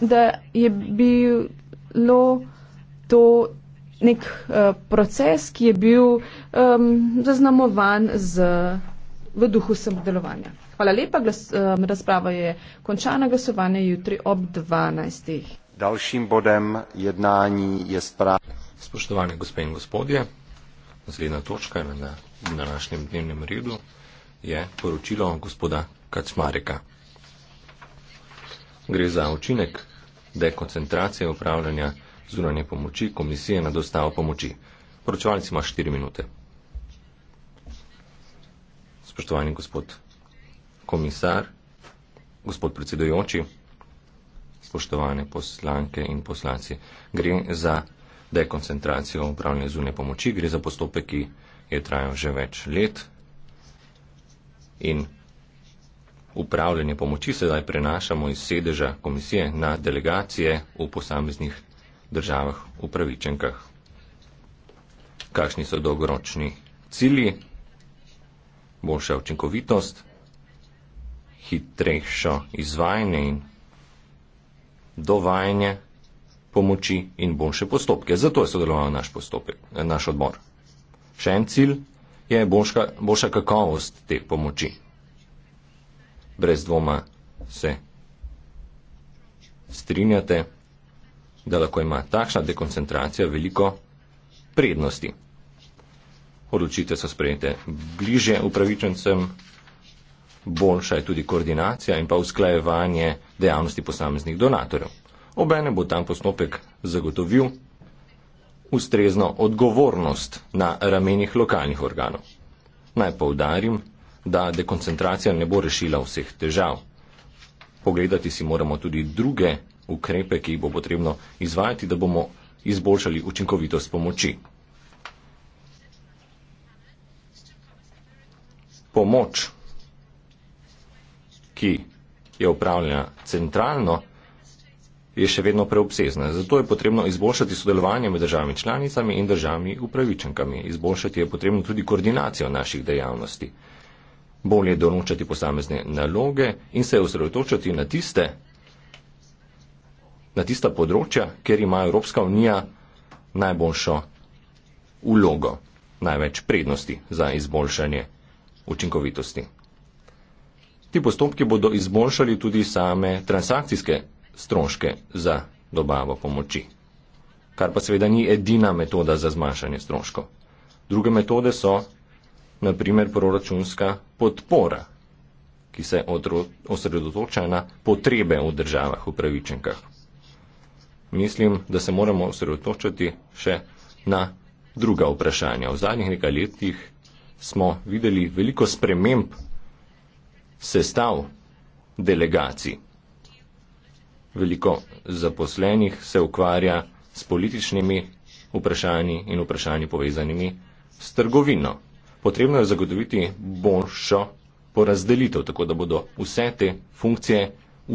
da je bilo to nek uh, proces, ki je bil um, zaznamovan z, v duhu samodelovanja. Hvala lepa, glas, um, razprava je končana, glasovanje jutri ob 12. Dalšim bodem jednanji je sprava. Spoštovani gospe in gospodje, naslednja točka na današnjem dnevnem redu je poročilo gospoda Kacmareka. Gre za učinek dekoncentracije upravljanja zunanje pomoči komisije na dostavo pomoči. Poročevalec ima 4 minute. Spoštovani gospod komisar, gospod predsedujoči, spoštovane poslanke in poslanci, gre za dekoncentracijo upravljanja zunanje pomoči, gre za postopek, ki je trajal že več let in upravljanje pomoči sedaj prenašamo iz sedeža komisije na delegacije v posameznih državah upravičenkah. Kakšni so dolgoročni cilji? Boljša učinkovitost, hitrejšo izvajanje in dovajanje pomoči in boljše postopke. Zato je sodeloval naš, postopek, naš odbor. Še en cilj je boljška, boljša kakovost teh pomoči brez dvoma se strinjate, da lahko ima takšna dekoncentracija veliko prednosti. Odločitve so sprejete bliže upravičencem, boljša je tudi koordinacija in pa usklajevanje dejavnosti posameznih donatorjev. Obene bo tam postopek zagotovil ustrezno odgovornost na ramenih lokalnih organov. Naj poudarim, da dekoncentracija ne bo rešila vseh težav. Pogledati si moramo tudi druge ukrepe, ki jih bo potrebno izvajati, da bomo izboljšali učinkovitost pomoči. Pomoč, ki je upravljena centralno, je še vedno preobsezna. Zato je potrebno izboljšati sodelovanje med državami članicami in državami upravičenkami. Izboljšati je potrebno tudi koordinacijo naših dejavnosti bolje določati posamezne naloge in se osredotočati na tiste, na tista področja, kjer ima Evropska unija najboljšo ulogo, največ prednosti za izboljšanje učinkovitosti. Ti postopki bodo izboljšali tudi same transakcijske stroške za dobavo pomoči, kar pa seveda ni edina metoda za zmanjšanje stroškov. Druge metode so naprimer proračunska podpora, ki se osredotoča na potrebe v državah upravičenkah. Mislim, da se moramo osredotočiti še na druga vprašanja. V zadnjih nekaj letih smo videli veliko sprememb sestav delegacij. Veliko zaposlenih se ukvarja s političnimi vprašanji in vprašanji povezanimi s trgovino potrebno je zagotoviti boljšo porazdelitev, tako da bodo vse te funkcije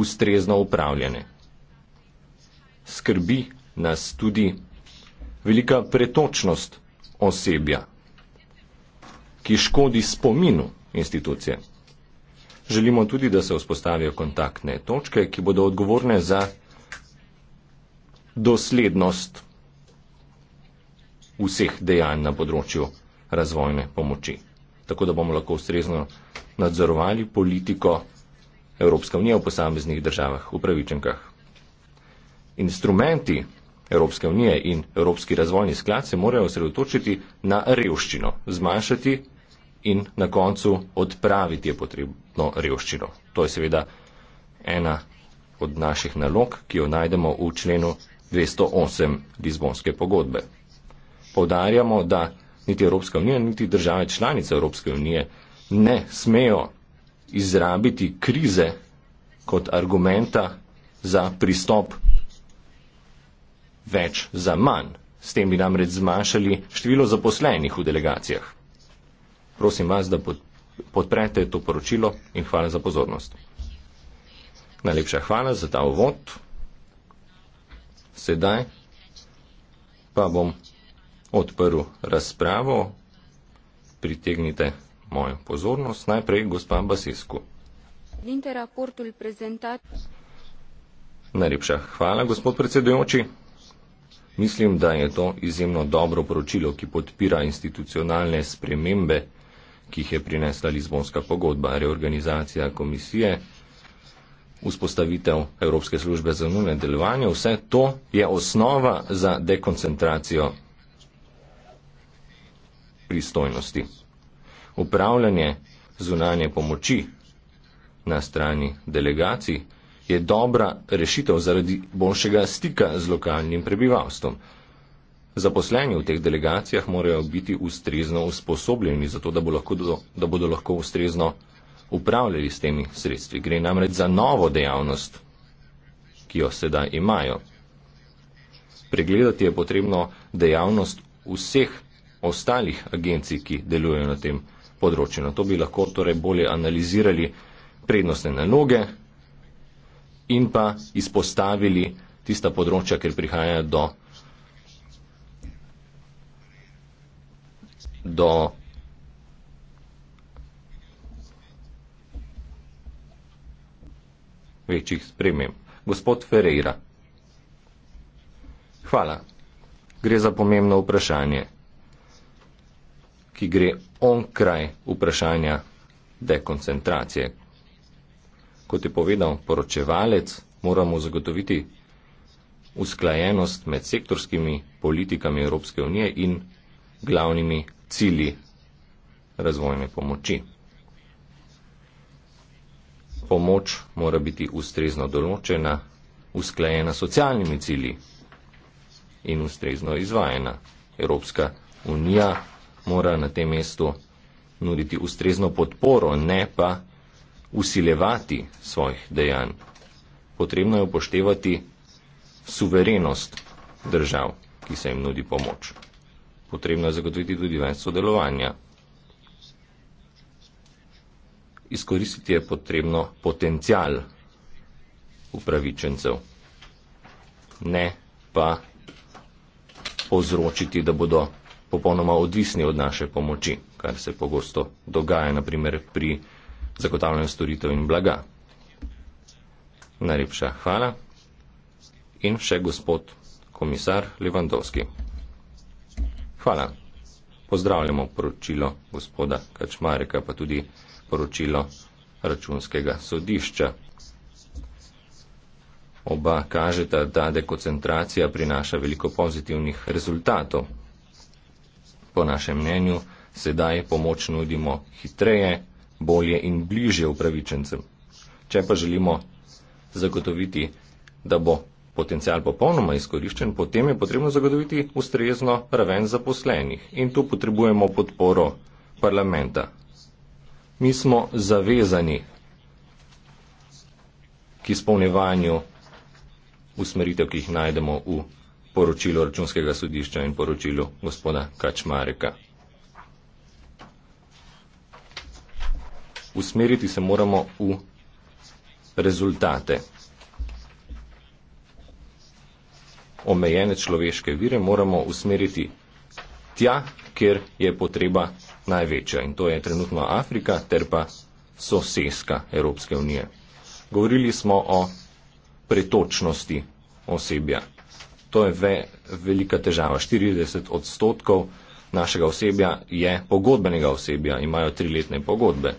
ustrezno upravljene. Skrbi nas tudi velika pretočnost osebja, ki škodi spominu institucije. Želimo tudi, da se vzpostavijo kontaktne točke, ki bodo odgovorne za doslednost vseh dejanj na področju razvojne pomoči. Tako da bomo lahko ustrezno nadzorovali politiko Evropske unije v posameznih državah upravičenkah. Instrumenti Evropske unije in Evropski razvojni sklad se morajo osredotočiti na revščino, zmanjšati in na koncu odpraviti je potrebno revščino. To je seveda ena od naših nalog, ki jo najdemo v členu 208 Lizbonske pogodbe. Povdarjamo, da niti Evropska unija, niti države članice Evropske unije ne smejo izrabiti krize kot argumenta za pristop več za manj. S tem bi namreč zmanjšali število zaposlenih v delegacijah. Prosim vas, da podprete to poročilo in hvala za pozornost. Najlepša hvala za ta uvod. Sedaj pa bom odprl razpravo, pritegnite mojo pozornost, najprej gospa Basesku. Najlepša hvala, gospod predsedujoči. Mislim, da je to izjemno dobro poročilo, ki podpira institucionalne spremembe, ki jih je prinesla Lizbonska pogodba, reorganizacija komisije, vzpostavitev Evropske službe za nujne delovanje. Vse to je osnova za dekoncentracijo pristojnosti. Upravljanje zunanje pomoči na strani delegacij je dobra rešitev zaradi boljšega stika z lokalnim prebivalstvom. Zaposleni v teh delegacijah morajo biti ustrezno usposobljeni, zato da, bo lahko, da bodo lahko ustrezno upravljali s temi sredstvi. Gre namreč za novo dejavnost, ki jo sedaj imajo. Pregledati je potrebno dejavnost vseh ostalih agencij, ki delujejo na tem področju. Na to bi lahko torej bolje analizirali prednostne naloge in pa izpostavili tista področja, ker prihaja do, do večjih sprememb. Gospod Ferreira. Hvala. Gre za pomembno vprašanje ki gre onkraj vprašanja dekoncentracije. Kot je povedal poročevalec, moramo zagotoviti usklajenost med sektorskimi politikami Evropske unije in glavnimi cili razvojne pomoči. Pomoč mora biti ustrezno določena, usklajena socialnimi cili in ustrezno izvajena. Evropska unija mora na tem mestu nuditi ustrezno podporo, ne pa usilevati svojih dejanj. Potrebno je upoštevati suverenost držav, ki se jim nudi pomoč. Potrebno je zagotoviti tudi več sodelovanja. Izkoristiti je potrebno potencial upravičencev, ne pa povzročiti, da bodo popolnoma odvisni od naše pomoči, kar se pogosto dogaja, naprimer pri zagotavljanju storitev in blaga. Najlepša hvala. In še gospod komisar Levandovski. Hvala. Pozdravljamo poročilo gospoda Kačmareka, pa tudi poročilo računskega sodišča. Oba kažeta, da dekoncentracija prinaša veliko pozitivnih rezultatov po našem mnenju, sedaj pomoč nudimo hitreje, bolje in bliže upravičencem. Če pa želimo zagotoviti, da bo potencial popolnoma izkoriščen, potem je potrebno zagotoviti ustrezno raven zaposlenih in tu potrebujemo podporo parlamenta. Mi smo zavezani k izpolnevanju usmeritev, ki jih najdemo v poročilo računskega sodišča in poročilo gospoda Kačmareka. Usmeriti se moramo v rezultate. Omejene človeške vire moramo usmeriti tja, kjer je potreba največja in to je trenutno Afrika ter pa sosedska Evropske unije. Govorili smo o pretočnosti osebja. To je ve, velika težava. 40 odstotkov našega osebja je pogodbenega osebja, imajo triletne pogodbe.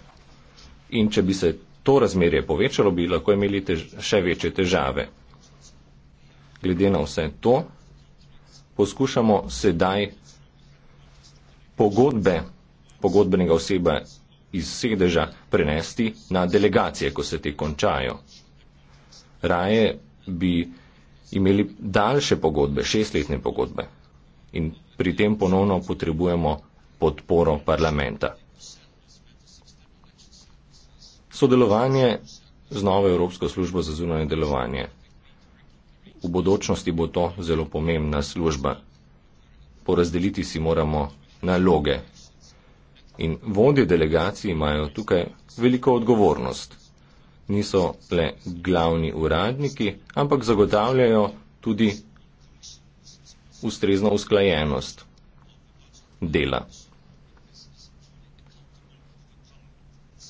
In če bi se to razmerje povečalo, bi lahko imeli tež, še večje težave. Glede na vse to, poskušamo sedaj pogodbe pogodbenega osebja iz sedeža prenesti na delegacije, ko se te končajo. Raje bi imeli daljše pogodbe, šestletne pogodbe. In pri tem ponovno potrebujemo podporo parlamenta. Sodelovanje z novo Evropsko službo za zunanje delovanje. V bodočnosti bo to zelo pomembna služba. Porazdeliti si moramo naloge. In vodje delegacij imajo tukaj veliko odgovornost niso le glavni uradniki, ampak zagotavljajo tudi ustrezno usklajenost dela.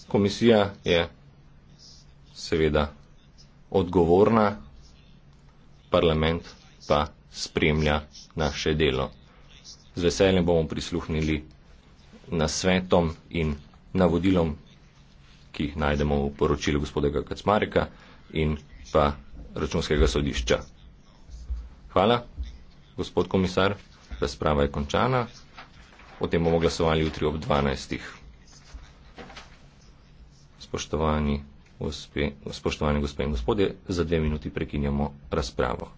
Komisija je seveda odgovorna, parlament pa spremlja naše delo. Z veseljem bomo prisluhnili nasvetom in navodilom ki jih najdemo v poročilu gospodega Kacmareka in pa računskega sodišča. Hvala, gospod komisar, razprava je končana. O tem bomo glasovali jutri ob 12. Spoštovani, uspe, spoštovani gospe in gospodje, za dve minuti prekinjamo razpravo.